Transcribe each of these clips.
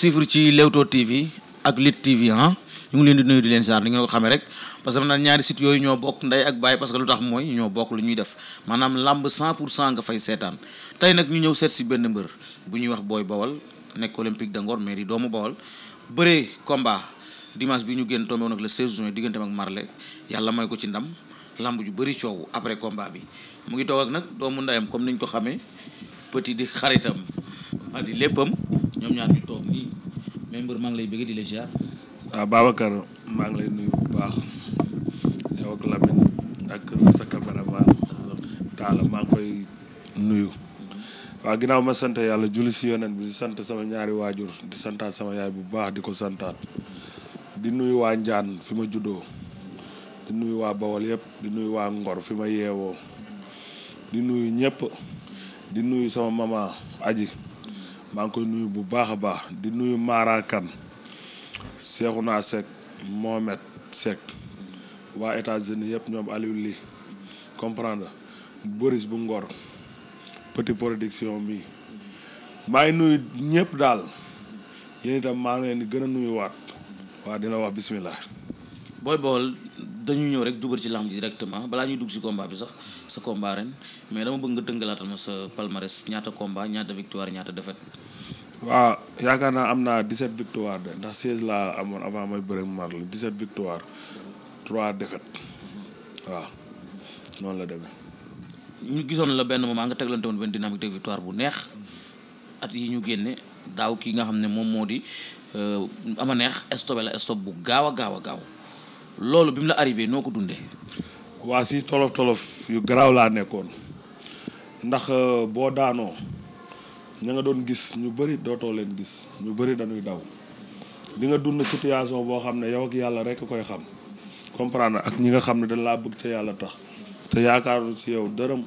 suivre ci Leewtoo TV ak Lutte TV ah ñu ngi leen di nuyu di leen saar ni ngeen ko xamee rek parce que maanaam ñaari site yooyu ñoo bokk ndey ak baay parce que lu tax mooy ñoo bokk lu ñuy def maanaam làmb 100 pour cent nga fay seetaan tey nag ñu ñëw seet si benn mbër bu ñuy wax booy Bawal nekk Olympique de Ngor mais di doomu Bawal bëree combat dimanche bi ñu génn tombé nag ak le 16 juin digganteem ak Marley yàlla mooy ko ci ndam lamb ju bëri coow après combat bi mu ngi toog ak nag doomu ndeyam comme niñ ko xamee petit di ah ñoom ñaar ñu lay bëgg di la ah, maa ngi lay nuyu maa ngi koy nuyu. Mm-hmm. waaw ginnaaw ma sant yàlla julli ci yonent bi di sant sama ñaari waajur di santaat sama yaay bu baax di ko santaat di nuyu waa Njaan fi ma juddoo di nuyu waa Bawol yëpp di nuyu waa Ngor fi ma yeewoo di nuyu ñëpp di nuyu sama mama aji maa ngi koy nuyu bu baax a baax di nuyu Mara Kane naa Seck Mohamed Seck waa États-Unis yëpp ñoom Aliou Ly comprendre Boris bu Ngor petit production bi maa ngi nuyu ñëpp daal yéen itam maa ngi leen di gën a nuyuwaat waa dina wax bisimilah. dañu ñëw rek dugal ci lamb ji directement balaa ñuy dugg si combat bi sax sa combat ren mais dama bëgg nga dëngalaatal ma sa palmarès ñaata combat ñaata ñaata défaite. waaw yaakaar naa am naa 17 victoire ndax 16 laa amoon avant may bëre mu mar waaw noonu la demee. ñu gisoon la benn moment nga teglante woon benn dynamique de victoire bu neex at yi ñu génne daaw ki nga xam ne moom moo di euh, ama neex stopé la stop bu gaaw a gaaw a gaaw. loolu bi mu la arrivé noo ko dunde waa si tolof tolof yu garaaw laa nekkoon ndax euh, boo daanoo ña nga doon gis ñu bëri dootoo leen gis ñu bëri dañuy daw di nga dund situation boo xam ne yow ak yàlla rek koy xam comprendre ak ñi nga xam ne dañ laa bëgg te yàlla tax te yaakaaru ci yow dërëm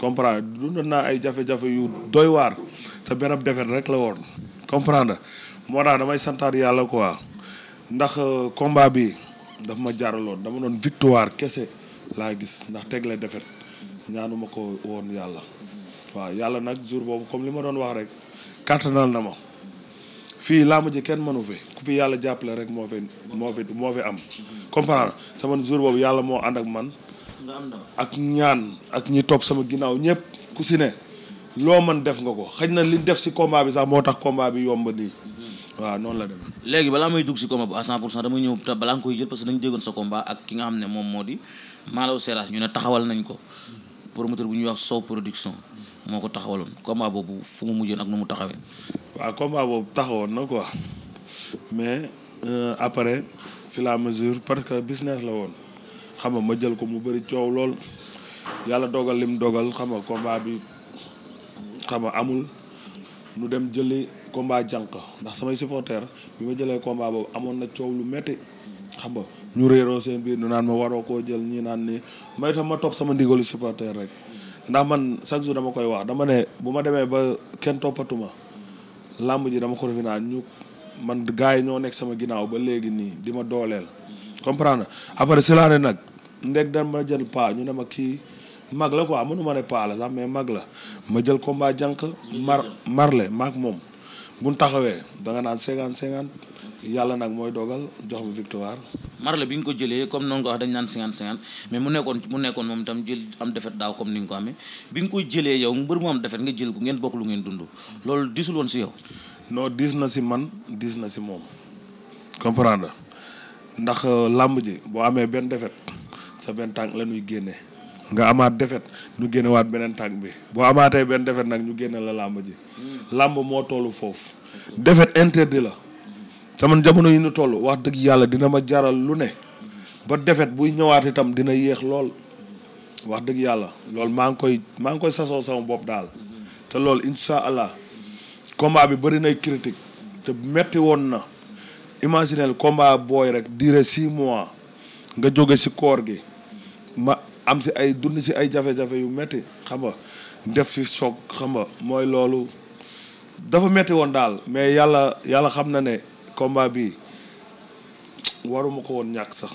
comprendre dund naa ay jafe-jafe yu doy waar te benn defet rek la woon comprendre moo tax damay santaat yàlla quoi ndax euh, combat bi. daf ma jaaraloon dama doon victoire kese laa gis ndax tegle defet ñaanuma ko woon yàlla waaw yàlla nag jour boobu comme li ma doon wax rek kàttanal na ma fii laa ji kenn mënu fi ku fi yàlla jàppale rek moo fi moo fi moo fi am comprendre sama jour boobu yàlla moo ànd ak man ak ñaan ak ñi topp sama ginnaaw ñëpp ku si ne loo mën def nga ko xëj na li def si combat bi sax moo tax combat bi yomb nii waaw noonu la dem léegi balaa may dugg si combat bu à 100 pour cent dama ñëw balaa nga koy jël parce que dañu déggoon sa combat ak ki nga xam ne moom moo di Malaw Seras ñu ne taxawal nañ ko promoteur bu ñuy wax Sow production moo ko taxawaloon combat boobu fu mu mujjoon ak nu mu taxawee waaw combat boobu taxawoon na quoi mais euh, après fi la mesure parce que business la woon xam nga ma jël ko mu bëri coow lool yàlla dogal lim dogal xam nga combat bi xam nga amul nu dem jëli combat jànq ndax samay supporter bi ma jëlee combat boobu amoon na coow lu metti xam nga ñu réeroo seen biir ñu naan ma waroo koo jël ñi naan ni may tax ma topp sama ndigalu supporter rek ndax man chaque jour dama koy wax dama ne bu ma demee ba kenn toppatuma làmb ji dama ko naan ñu man gars yi ñoo nekk sama ginnaaw ba léegi nii di ma dooleel comprendre après nag ndeg da ma jël pas ñu ne ma kii mag la ko mënu ma ne pas la sax mais mag la ma jël combat jànq mar marle maag moom bu ñu taxawee da nga naan cinquante cinquante yàlla nag mooy dogal jox bu victoire. Marley bi nga ko jëlee comme noonu nga wax dañ naan mais mu nekkoon mu nekkoon moom itam jël am défaite daaw comme ni nga ko amee bi nga koy jëlee yow mbër mu am défaite nga jël ko ngeen bokk lu ngeen dund loolu disul woon si yow. noo diis na si man diis na si moom. comprendre ndax euh, làmb ji boo amee benn défaite sa benn tànk la ñuy génnee. nga amaat defet ñu génnewaat beneen tànk bi boo amaatee benn defet nag ñu génne la làmb ji làmb moo tollu foofu defet interdit la sama jamono yi ñu toll wax dëgg yàlla dina ma jaral lu ne ba defet buy ñëwaat itam dina yéex lool wax dëgg yàlla loolu maa ngi koy maa ngi koy sasoo sama bopp daal te loolu insha allah combat bi bëri nay critique te metti woon na imaginel combat booy rek duré six mois nga jóge si koor gi ma am si ay dund si ay jafe-jafe yu metti xam nga def fi soog xam nga mooy loolu dafa metti woon daal mais yàlla yàlla xam na ne combat bi waruma ko woon ñàkk sax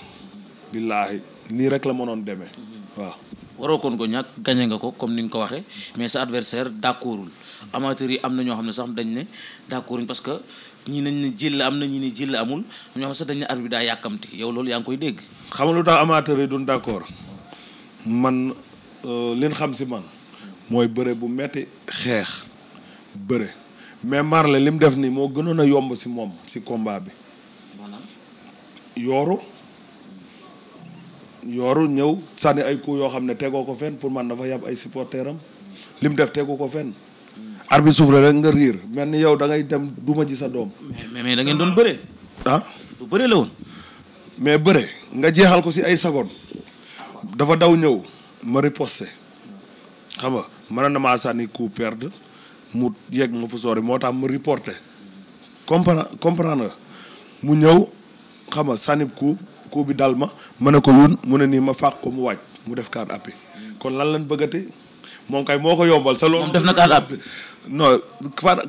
billaahi nii rek la mënoon demee waa waroo koon ko ñàkk gañe nga ko comme ni nga ko waxee mais sa adversaire d'accordul amateurs yi am na ñoo xam ne sax dañ ne d'accorduñ parce que ñi nañ ne jël am na ñi ne jël amul ñoo xam sax dañ ne arbitre bi daa yàkkamti yow loolu yaa ngi koy dégg xam nga lu tax amateurs yi duñ man euh, liñ xam si man mooy bëre bu metti xeex bëre mais Marley li mu def nii moo gënoon a yomb si moom si combat bi. yooru yooru ñëw sànni ay coups yoo xam ne tegoo ko fenn pour man dafa yàb ay supporter am li mu def tegu ko fenn. Hmm. arbitre souffle rek nga riir mel ni yow da ngay dem duma ji sa doom. mais mais da ngeen doon bëre. ah du bëre la woon. mais bëre nga jeexal ko si ay secondes. dafa daw ñëw ma riposté xam nga mënoon na maa sànni coup perdre mu yegg ma fu sori moo tax mu reporté comprendre mu ñëw xam nga sànni coup coup bi dal ma mën a ko yun mu ne nii ma fàq ko mu wàcc mu def kaat appi kon lan lañ bëggati moom kay moo ko yombal. sa loolu moom def na carte d'appui. non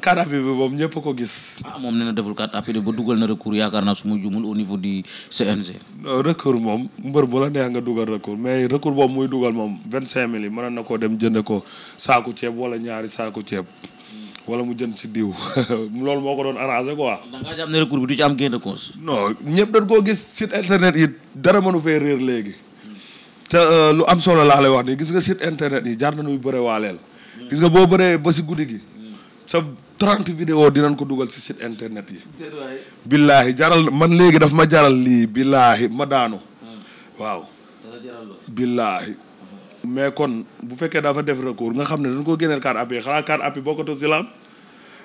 carte d'appui bi moom ñëpp ko gis. ah moom nee na deful carte d'appui ba dugal na recours yaakaar naa su ma jumul au niveau du CNG. recours moom mbër bu la neex nga dugal recours mais recours boobu muy dugal moom vingt cinq mili yi mën na dem jënd ko saaku ceeb wala ñaari saaku ceeb. wala mu jën si diw loolu moo ko doon arrangé quoi. da ngaa jàpp ne recours bi du ci am gain de cause. non ñëpp dañ koo gis site internet yi dara mënu fee réer léegi. te euh, lu am solo laa lay wax nii gis nga site internet yi jar na nuy bëre waaleel gis nga boo bëree ba si guddi gi sa trente vidéo dinañ ko dugal si site internet yi billaahi jaral man léegi dafa ma jaral lii billaahi ma daanu waaw billaahi mais kon bu fekkee dafa def recours nga xam ne dañ ko génneel carte appui xanaa carte appui bokkatu si la am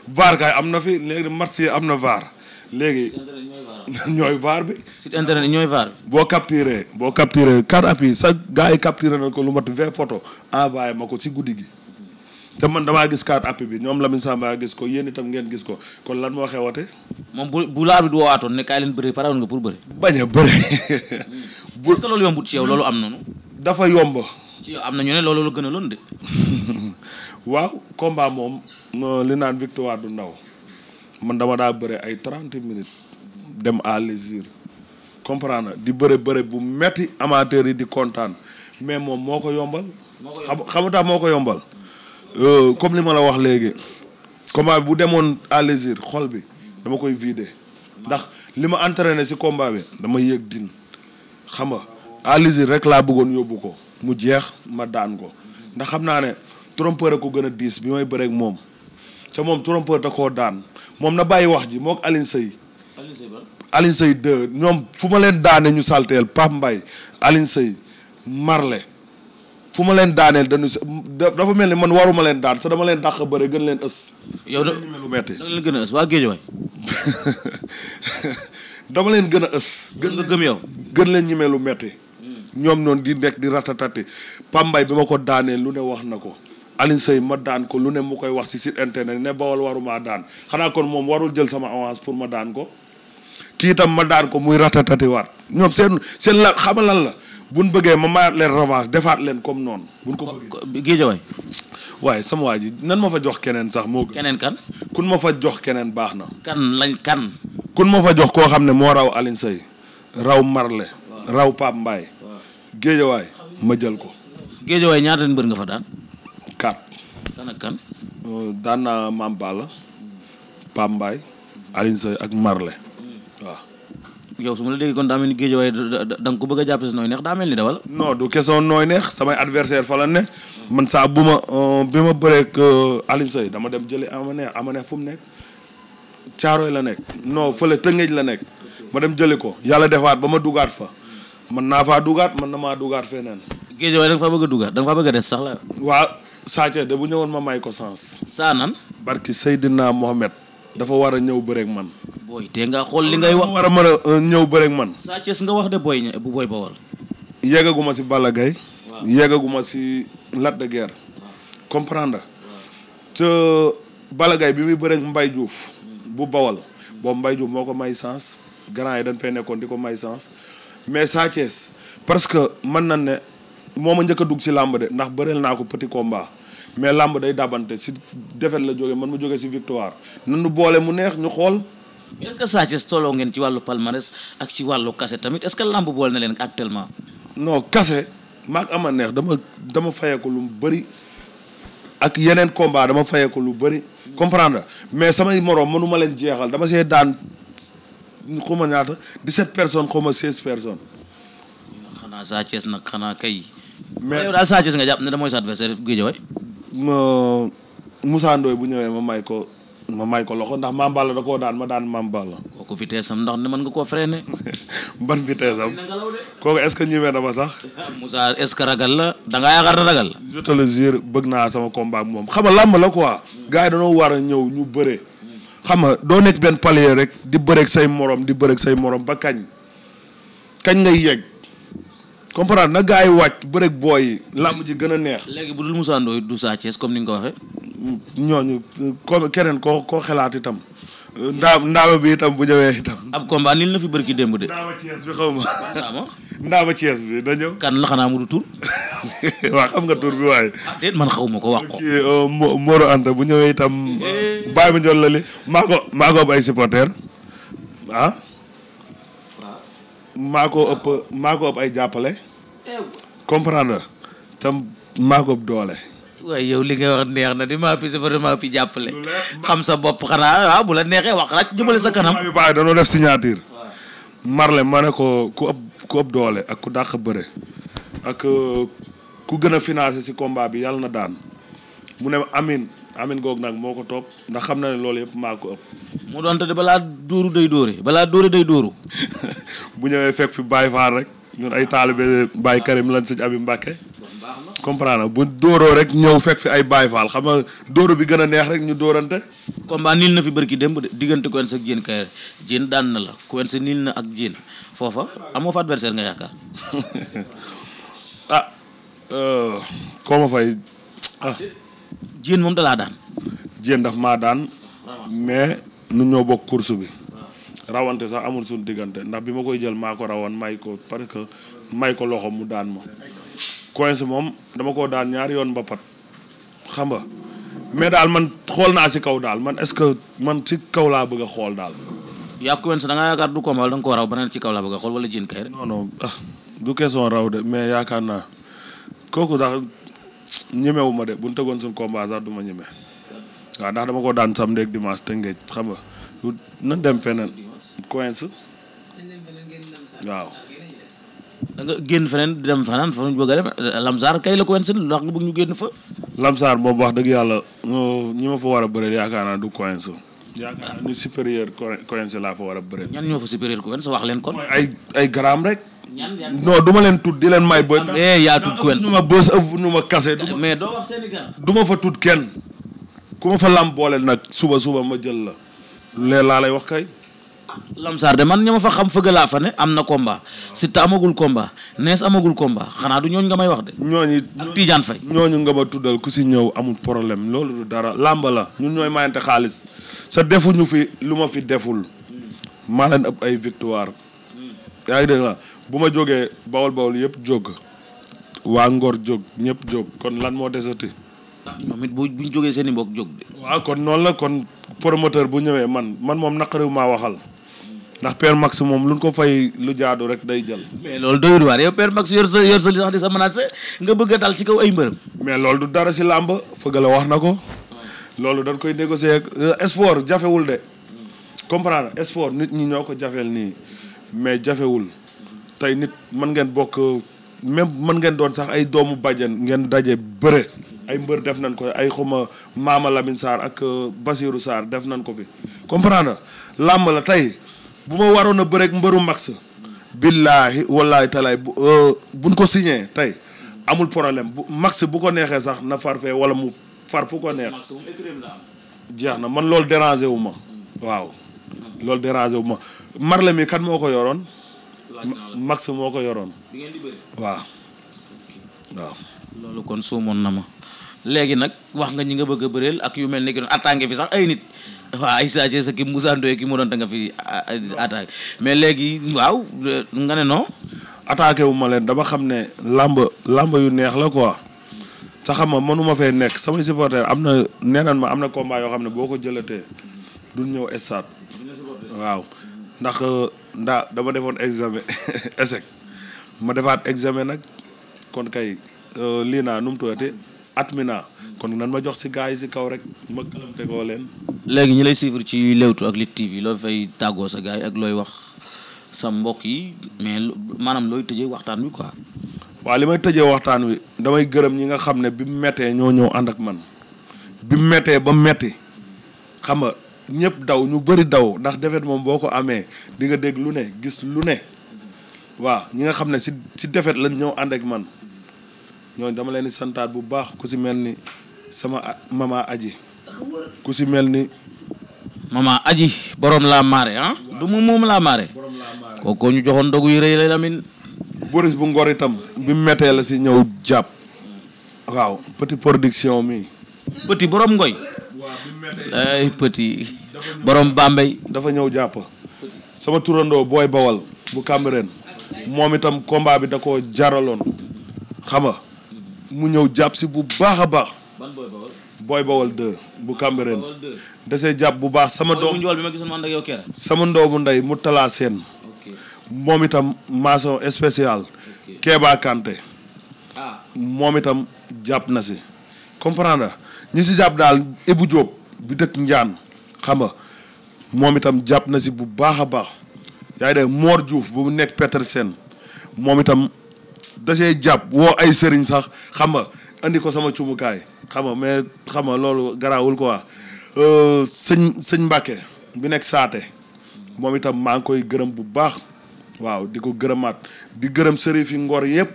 vaar kaay am na fi léegi match yi am na vaar léegi ñooy vaar bi. site internet ñooy vaar bi. boo capturé boo capturé quatre appuis sa gars yi capturé nañ ko lu mat vingt photo envoyé ma ko si guddi gi. te man damaa gis carte appui bi ñoom Lamine Samba gis ko yéen itam ngeen gis ko kon lan moo xewate moom bu bu laar bi du woowaatoon ne bëri pare woon nga pour bu est-ce que loolu loolu am noonu. dafa yomb. ci am na ñu ne loolu la gën a loon de. waaw combat moom euh, li naan victoire du ndaw. man dama daa bëre ay trente minutes dem à lésir comprendre di bëre bëri bu metti amateur yi di kontaan mais moom moo ko yombal. xamu tax moo ko yombal. Euh, comme li ma la wax léegi combat bi bu demoon à xol bi dama koy vider ndax li ma entraîné si combat bi dama yëg din xam nga à rek laa bëggoon yóbbu ko mu jeex ma daan ko ndax xam naa ne trompeur ko gën a diis bi may bëreeg moom. te moom trompeur da daan moom na bàyyi wax ji moog Alioune Seye. Alioune Seye ban ñoom fu ma leen daane ñu salteel Pape Mbaye Alioune Seye Marle fu ma leen daaneel dañu dafa mel ni man waruma leen daan te dama leen dàq bëre gën leen ës. yow da lu metti da leen gën a ës waa dama leen gën a ës. gën gëm yow. gën leen ñemee lu metti hmm. ñoom noonu di nekk di ratatate pambay bi ma ko daaneel lu ne wax na ko. Alioune Seye ma daan ko lu ne mu koy wax ci site internet ne bawal waruma daan xanaa kon moom warul jël sama avance pour ma daan ko kii itam ma daan ko muy ratatatiwaat ñoom seen seen la xamal lan la buñ bëggee ma mayaat leen revanche defaat leen comme noonu. buñ ko ko bëggee géejawaay waaye sama waa ji nan ma fa jox keneen sax moo. keneen kan. kun ma fa jox keneen baax na. kan lañ kan. kun ma fa jox koo xam ne moo raw Alioune Seye raw Marle. raw Pape Mbaye. géejawaay ma jël ko. géejawaay ñaata mbër nga fa daan. kan ak kan. Euh, daan naa Maam Balla. Pape Mbaye. Alioune Seye ak Marley. Hmm. waaw. yow ma la daa mel ni géej waaye da nga ko bëgg a nooy neex daamel mel ni da wala. du question nooy neex samay adversaire fa la ne. man saa bu ma euh, bi ma bëreeg euh, Alioune Seye dama dem jëli ama neex neex fu mu nekk. Caaroy la nekk non fële Tëngéej la nekk. ma dem jëli ko yàlla defaat ba ma dugaat fa. man naa faa dugaat man na maa dugaat feneen. géej waaye faa bëgg dugaat da faa bëgg des sax la. waaw. Sathies de bu ñëwoon ma may ko sens. saanan. barki Seydina Mohamed. dafa war a ñëw bëreeg man. booy te nga xool li ngay wax. war a man a euh, ñëw bëreeg man. Sathies nga wax de booy bu booy bawal. yeggaguma si Balla Gaye. yeggaguma si Lac de Guiers. comprendre te Balla bi muy bëreeg Mbaye Diouf. Hmm. bu bawal boobu Mbaye Diouf moo ko may sens. grand yi dañ fay nekkoon di ko may sens mais Sathies parce que mën na ne moo ma njëkk a dugg si làmb de ndax bëreel naa ko petit combat. mais làmb day dabante si défaite la jógee man ma jógee si victoire nanu boole mu neex ñu xool. est-ce que Sa Thiès ngeen ci wàllu palmarès ak ci wàllu kase tamit est-ce que làmb boole na leen actuellement. non kase maag ama neex dama dama fayee ko lu mu bëri ak yeneen combat dama fayee ko lu bëri. comprendre mais samay moroom mënuma leen jeexal dama see daan xuma ñaata 17 personnes xuma 16 personnes. xanaa Sa Thiès nag xanaa kay. mais yow daal Sa Thiès nga jàpp ne da mooy sa adversaire Guédiawaye ma Moussa bu ñëwee ma may ko ma may ko loxo ndax Mame Balla da koo daan ma daan Mame koo kooku vitesse am ndax ne mën nga koo freiner. ban vitesse am kooku est ce que ñëwee na ma sax. Ah, Moussa est ce ragal la da ngaa yaakaar na ragal. je bëgg naa sama combat moom xam nga làmb la quoi. gars yi dañoo war a ñëw ñu bëre. xam nga doo nekk benn palier rek di bëreeg say moroom di bëreeg say moroom ba kañ kañ ngay yegg comprendre na gaa yi wàcc bëreeg booy yi làmb ji gën a neex. léegi bu dul Moussa Ndoye du Sa Thiès comme ni nga ko waxee. ñooñu ko keneen ko koo xalaat itam ndaa ndaama bi itam bu ñëwee itam. ab combat nii la fi bëri démb de. ndaama Thiès bi xaw ma. ndaama Thiès bi da ñëw. kan la xanaa mu du tur. waa xam nga tur bi waaye. Ah, déet man xawma ko wax ko. kii euh, Moro Anta bu ñëwee itam. bàyyi ma njool la li maa ko maa ko am maa ëpp maa ëpp ay jàppale. comprendre tam maa ko ëpp doole. waaye yow li nga wax neex na di maa fi sa vraiment fi jàppale. xam sa bopp xanaa waaw ah, bu la neexee wax rek jubale sa kanam. maa ngi dañoo def signature. Marley ma ne ko ku ëpp doole ak ku dàq bëre. ak euh, ku gën a financé si combat bi yàlla na daan mu ne amin amin googu nag moo ko topp ndax xam na ne loolu yëpp maa ëpp. mu doon te balaa dóoru day dóore balaa dóore day dóoru. bu ñëwee fekk fi Baye Fall rek ay taalibe Baye Karim lan sëñ Abi Mbàkke bu dóoroo rek ñëw fekk fi ay Baye Fall xam dóoro bi gën a neex rek ñu dóorante. combat na fi bërki démb diggante Quench ak Diène Kaïré Diène daan na la Quench niil na ak Diène foofa amoo fa adversaire nga ah, euh, ah. dalaa daan. Diène daf maa daan. mais. nu ñoo bokk course bi. rawante sax amul suñu diggante ndax bi ma koy jël maa ko rawan may ko parce que may ko loxo mu daan ma. coince moom dama koo daan ñaari yoon ba pat xam nga mais daal man xool naa si kaw daal man est-ce que man si kaw laa bëgg a xool daal. yaa coince da nga yaakaar du ko maal da nga koo raw beneen ci kaw laa bëgg a xool wala jën kay. non non ah du question raw de mais yaakaar naa kooku dax ñemewu de bu ñu tegoon suñu combat du ma ñeme. waa ndax dama ko daan samedi ak dimanche tëngeej xam na nan dem feneen. coince. waaw. da génn feneen dem fanaan fa ñu bëgg a dem Lamsaar kay la coince ndax nga bëgg ñu génn fa. Lamsaar boobu wax dëgg yàlla oh, ñi ma fa war a bëreel yaakaar naa du coince. yaakaar naa ni supérieur coince laa fa war a bëreel. ñan ñoo fa supérieur coince wax leen kon. ay ay garaam rek. non du ma leen tudd di leen may. booy eh, yaa tudd coince nu ma bës nu ma kase. mais fa tudd kenn. ku ma fa lam boole nag suba suba ma jël la lee laa lay wax kay. Lamsaar de man ña ma fa xam fëgg laa fa ne am na combat Siteu amagul combat Nees amagul combat xanaa du ñooñu nga may wax de. ñooñu ak Tidiane Faye. ñooñu nga ma tuddal ku si ñëw amul problème loolu du dara làmb la ñun ñooy mayante xaalis sa defuñu fi lu ma fi deful. maa leen ëpp ay victoire. yaa ngi dégg la bu ma jógee bawol bawol yëpp jóg. waa Ngor jóg ñëpp jóg kon lan moo desati. ñoom it bu buñ jógee seen i mbokk jóg waaw kon noonu la kon promoteur bu ñëwee man man moom naqariw maa waxal ndax père Max moom luñ ko fay lu jaadu rek day jël. mais loolu doyul waar yow père Max yor sa sa li sax nga bëgg a dal ci kaw ay mbërëm. mais loolu du dara si làmb fëgg la wax na ko. loolu dañ koy négocier euh, sport jafewul de. comprendre sport nit ñi ñoo ko jafeel nii mais jafewul tey nit mën ngeen bokk même mën ngeen doon sax ay doomu bàjjen ngeen daje bëre. ay mbër def nañ ko ay xuma Maama Lamine Sarr ak euh, Basirou Sarr def nañ ko fi comprendre làmb la tey bu ma waroon a bëreeg mbëru max billaahi wallaahi talaay bu euh, buñ ko signé tey amul problème bu max bu ko neexee sax na farfee wala mu far fu ko neex jeex na man loolu dérangé wu ma waaw loolu dérangé wu ma marle mi kan moo ko yoroon max moo ko yoroon waaw waaw kon soomoon na ma léegi nag wax nga ñi nga bëgg a bëreel ak yu mel ne ki doon attaqué fi sax ay nit waaw ay Sa Thiès sa ki Moussa Ndoye ki moo doon ta nga fi attaqué mais léegi waaw ne non attaqué wu ma leen dama xam ne làmb làmb yu neex la quoi sa xam ma mënuma fee nekk sama supporter am na nee ma am na combat yoo xam ne boo ko jëlatee duñ ñëw stade waaw ndax euh, ndaa dama defoon examen échec ma defaat examen nag kon kay euh, lii naa nu mu tuddati at mi naa kon nan ma jox si gars yi si kaw rek ma këlamte koo leen. léegi ñu lay suivre ci Leewtoo ak Lutte TV loo fay tàggoo sa gars yi ak looy wax sa mbokk yi mais maanaam looy tëjee waxtaan wi ko waa li may tëjee waxtaan wi damay gërëm ñi nga xam ne bi mu méttee ñoo ñëw ànd ak man bi mu méttee ba metti xam nga ñëpp daw ñu bëri daw ndax defet moom boo ko amee di nga dégg lu ne gis lu ne waaw ñi nga xam ne si si defet lañ ñëw ànd ak man. ñooñu dama leen di santaat bu baax ku si mel ni sama mama aji ku ci mel ni mama aji borom laa maare ah du mu moom laa maare kookoo ñu joxoon dogu yu rëy la lamin boris bu ngor itam bi mettee la si ñëw jàpp waaw petit production mi petit borom ngoy ay petit borom Bambey dafa ñëw jàpp sama turandoo booy bawal bu Cambérène moom itam combat bi da koo jaraloon xam nga mu ñëw jàpp si bu baax a baax. ban booy bawal. booy bu Cambérène. desee jàpp bu baax sama. doom bu njool bi ma gisoon sama ndoomu ndey mu talaa seen. moom itam maçon spécial. Kéba ah moom itam jàpp na si. comprendre ñi si jàpp daal Ibou Diop bi dëkk Njaan xam nga moom itam jàpp na si bu baax a baax. yaa ngi dégg Mor Diouf mu nekk Petersen moom itam. da see jàpp woo ay sëriñ sax xam nga andi ko sama cumukaay xam nga mais xam nga loolu garaawul quoi euh, sëñ sëñ Mbàkke bi nekk saate moom itam maa ngi koy gërëm bu baax waaw di ko gërëmaat di gërëm sërif fi ngoor yëpp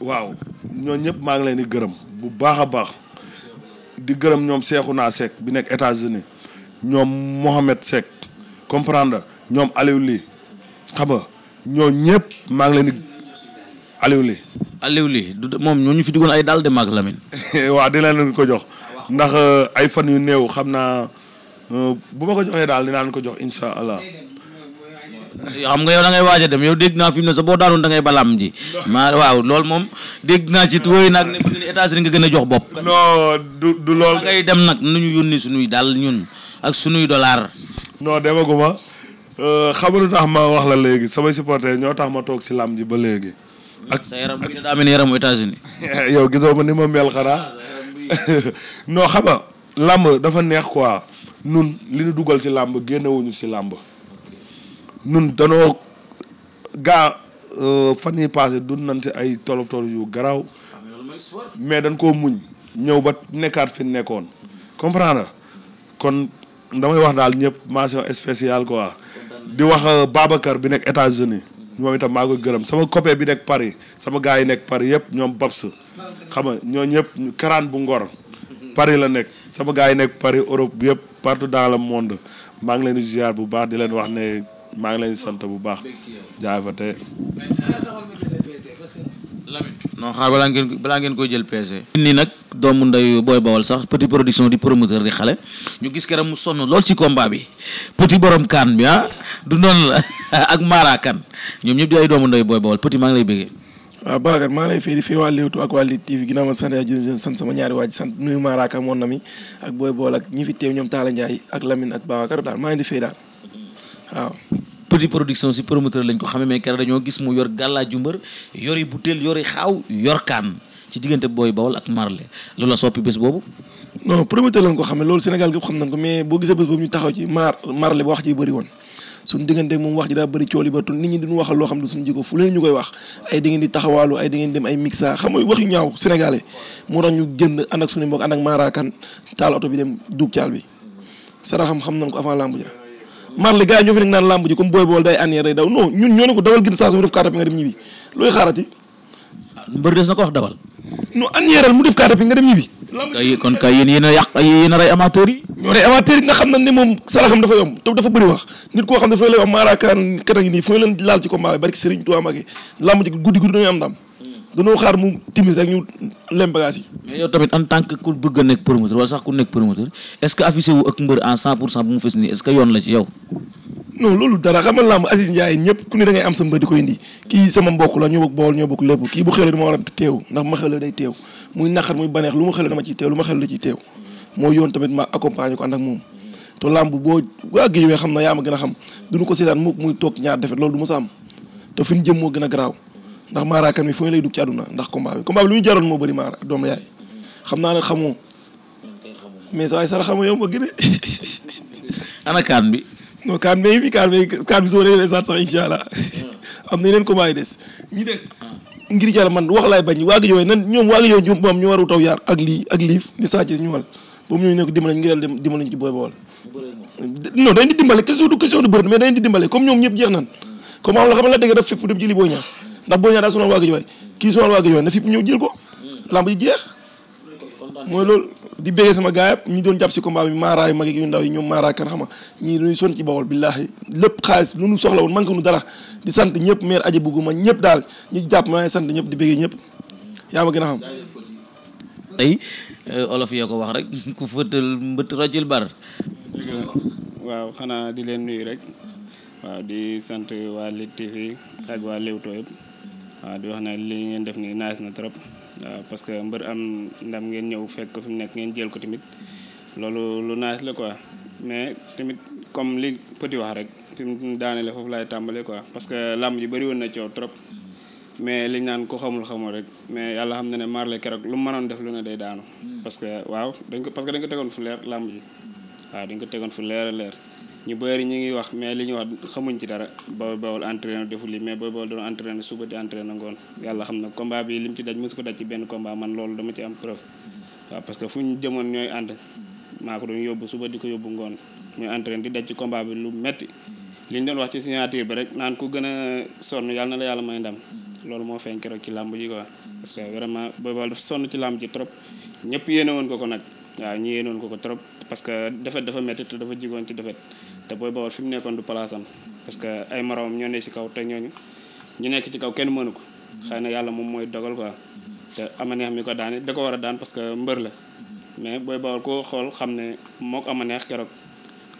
waaw ñooñu ñëpp maa ngi leen di gërëm bu baax a baax di gërëm ñoom Seexuna Seck bi nekk États-Unis ñoom Mohamed Seck comprendre ñoom Aliou Ly xam nga ñoo ñëpp maa ngi leen di Aliou Ly Aliou du moom ñoo ñu fi digoon ay daal de mag Lamine waaw dina leen ko jox ah, ndax euh, ay fan yu néew xam naa euh, bu ma ko joxee daal dinaan ko jox insha allah xam nga yow da ngay waaj a dem yow dégg naa fi mu ne sa boo daanoon da balaam ji maa waaw loolu moom dégg naa ci wooyu naag ne fi ne nga gën a jox bopp non du du lool ngay dem nag nu ñu yónni suñuy daal ñun ak suñuy dollar non demaguma euh, xamalu tax ma wax la léegi sama supporter ñoo tax ma toog si lam ji ba léegi ak sa yaram bi ni yow gisoo ma ni ma mel xanaa non xam làmb dafa neex quoi nun li ñu dugal ci làmb génnewuñu ci làmb nun danoo gaa euh, fan yi passé dund nañ ci ay tolof tolof yu garaaw mais dañ koo muñ ñëw ba nekkaat fi nekkoon comprendre kon damay wax daal ñëpp mention spéciale quoi di wax euh, Babacar bi nekk États-Unis moom itam maa ngi gërëm sama copain bi nekk Paris sama gars yi nekk Paris yëpp ñoom Babs xam nga ñoo ñëpp karaan bu ngor Paris la nekk sama gaa yi nekk Paris Europe bi yëpp partout dans le monde maa ngi leen di bu baax di leen wax ne maa ngi leen di sant bu baax jaay fa te non xaar balaa ngeen balaa ngeen koy jël PC ni nag doomu nday booy bawal sax petit production di promoteur di xale ñu gis keram mu sonn lool ci combat bi petit borom kaan bi ah du noonu la ak maaraakan ñoom ñëpp di ay doomu ndoy booy bool petit maa ngi lay bëggee waaw Babacar maa ngi lay fay di fay waa Leewtoo ak waa TV ginnaaw ma sant sama ñaari waa ji sant nuyu maaraakan moon na mi ak booy bool ak ñi fi teew ñoom Talla Ndiaye ak Lamine ak Babacar daal maa ngi di fay daal waaw petit production si promoteur lañ ko xamee mais keroog dañoo gis mu yor gàllaaju mbër yori butéel yori xaaw yor kaan ci diggante booy bawol ak marle loolu la soppi boobu non ko xamee loolu Sénégal gépp xam nañ ko mais boo taxaw ci mar marle ba wax ji bëri woon suñu diggante moom wax ji daa bëri cooli ba nit ñi duñu waxal loo xam ne suñu jikko fu leen ñu koy wax ay da taxawaalu ay da dem ay mixa xam wax yu ñaaw sénégalais moo tax ñu génn ànd ak suñu mbokk ànd ak maaraakan taal bi dem duug bi saraxam xam nañ ko avant lamb ja marle gars yi ñoo naan lamb ji comme booy bool day année day daw non ñoo ne ko dawal gën saako mu def kaata bi nga dem ñibbi looy xaarati ah, mbër des na ko wax dawal non annéeral mu def kaata bi nga dem ñibbi kay kon kay yéen yéen a yàq yéen a rey amateur yi xam ne ne moom saraxam dafa yomb te dafa bëri wax nit koo xam ne fooy laal ci combat bi barki Serigne Touba Mbacké lamb ji guddi guddi dañuy am ndam dañoo xaar mu timis rek ñu lem bagage yi mais tamit en tant ku bëgg a nekk promoteur wala sax ku nekk promoteur est-ce que mbër en cent pour cent bu mu fës nii est-ce yoon la ci yow non loolu dara xamal lamb Aziz Ndiaye ñëpp ku ne da ngay am sa mbër di ko indi kii sama mbokk la ñoo bokk bool ñoo bokk lépp kii bu xewlee dama war a teew ndax ma xewlee day teew muy naqar muy baneex lu ma xewlee dama ciy teew lu ma xewlee da ciy teew moo yoon tamit ma ko ànd ak moom te lamb boo waa géej wee xam na yaa gën a xam duñu ko seetaan mukk muy toog ñaar defet loolu du ma sa am te fi ñu jëm moo gën a garaaw ndax maaraakan mi fu ñu lay dugg ci àdduna ndax combat bi combat bi lu ñu jaroon moo bëri maara doom yaay xam naa ne xamoo mais saa yi sara xamoo yow ma gën ana kaan bi non kaan bi bi kaan bi soo demee sax sax incha allah ah. am na yeneen combat yi des ñi des. Ah. ngir yàlla man wax laay bañ waa Guédiawaye nan ñoom waa Guédiawaye ñoom ñu war di ba mu ñëw ne ko dimbale ñu ngi dal dem dimbale ñu ci booy bool. non dañ di dimbale du question du bëri mais dañ di dimbale comme ñoom ñëpp jeex nan comme am la xam la dégg daf fépp dem jëli Boy Niang ndax Boy Niang daa sonal waa Guédiawaye kii sonal waa Guédiawaye na fépp ñëw jël ko mm. lamb ji jeex mooy lool di béggee sama gaay yëpp ñi doon jàpp si combat bi maaraay mag yu ndaw yi ñoom maaraa kan xama ñi ñuy son ci bawol billaahi lépp xaalis lu ñu soxla woon manque nu dara di sant ñëpp maire aji bugguma ñëpp daal ñu jàpp maa ngi sant ñëpp di béggee ñëpp yaa ma gën a xam tey euh, olof yoo ko wax rek ku fëtal mbët rojil bar waaw xanaa di leen nuyu rek waaw di sant waa Lutte TV ak waa Leewtoo yëpp waaw di wax na li ngeen def nii nice na trop waaw parce que mbër am ndam ngeen ñëw fekk ko fi mu nekk ngeen jël ko tamit loolu lu nice la quoi mais tamit comme li petit wax rek fi mu daanele foofu laay tàmbale quoi parce que làmb ji bëri woon na coow trop mais liñ naan ko xamul xamul rek mais yàlla xam na ne Marley keroog lu mu mënoon def lu ne day daanu hmm. parce que waaw dañ ko parce que dañ ko tegoon fu leer làmb ji waaw dañ ko tegoon fu leer a leer ñu bëri ñu ngi wax mais li ñu wax xamuñ ci dara Bawol Bawol entraîné deful li mais Bawol Bawol doon entraîné suba di entraîné ngoon yàlla xam na combat bi lim ci daj mosu ko daj ci benn combat man loolu dama ci am preuve parce que fu ñu jëmoon ñooy ànd maa ko doon yóbbu suba di ko yóbbu ngoon muy entraîné di daj ci combat bi lu metti li ñu doon wax ci signature bi rek naan ku gën a sonn yàlla na la yàlla may ndam loolu moo feeñ ci làmb ji quoi parce que vraiment Boy Baol dafa sonn ci làmb ji trop ñëpp yéene woon ko ko nag waaw ñu yéene woon ko ko trop parce que defet dafa métti dafa jigoon ci defet te booy bawal fi mu nekkoon du palaasam parce que ay moroomam ñoo ne ci kaw te ñooñu ñu nekk ci kaw kenn mënu ko xëy na yàlla moom mooy dogal quoi te amaneex mi ko daane da ko war a daan parce que mbër la mais booy bawal koo xool xam ne mook amaneex keroog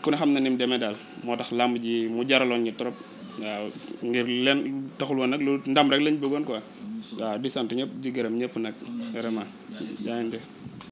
ku ne xam na ni mu demee daal moo tax làmb ji mu jaraloon ñu trop waaw ngir leen taxul woon nag lu ndam rek lañ bëggoon ko waaw di sant ñëpp di gërëm ñëpp nag vraiment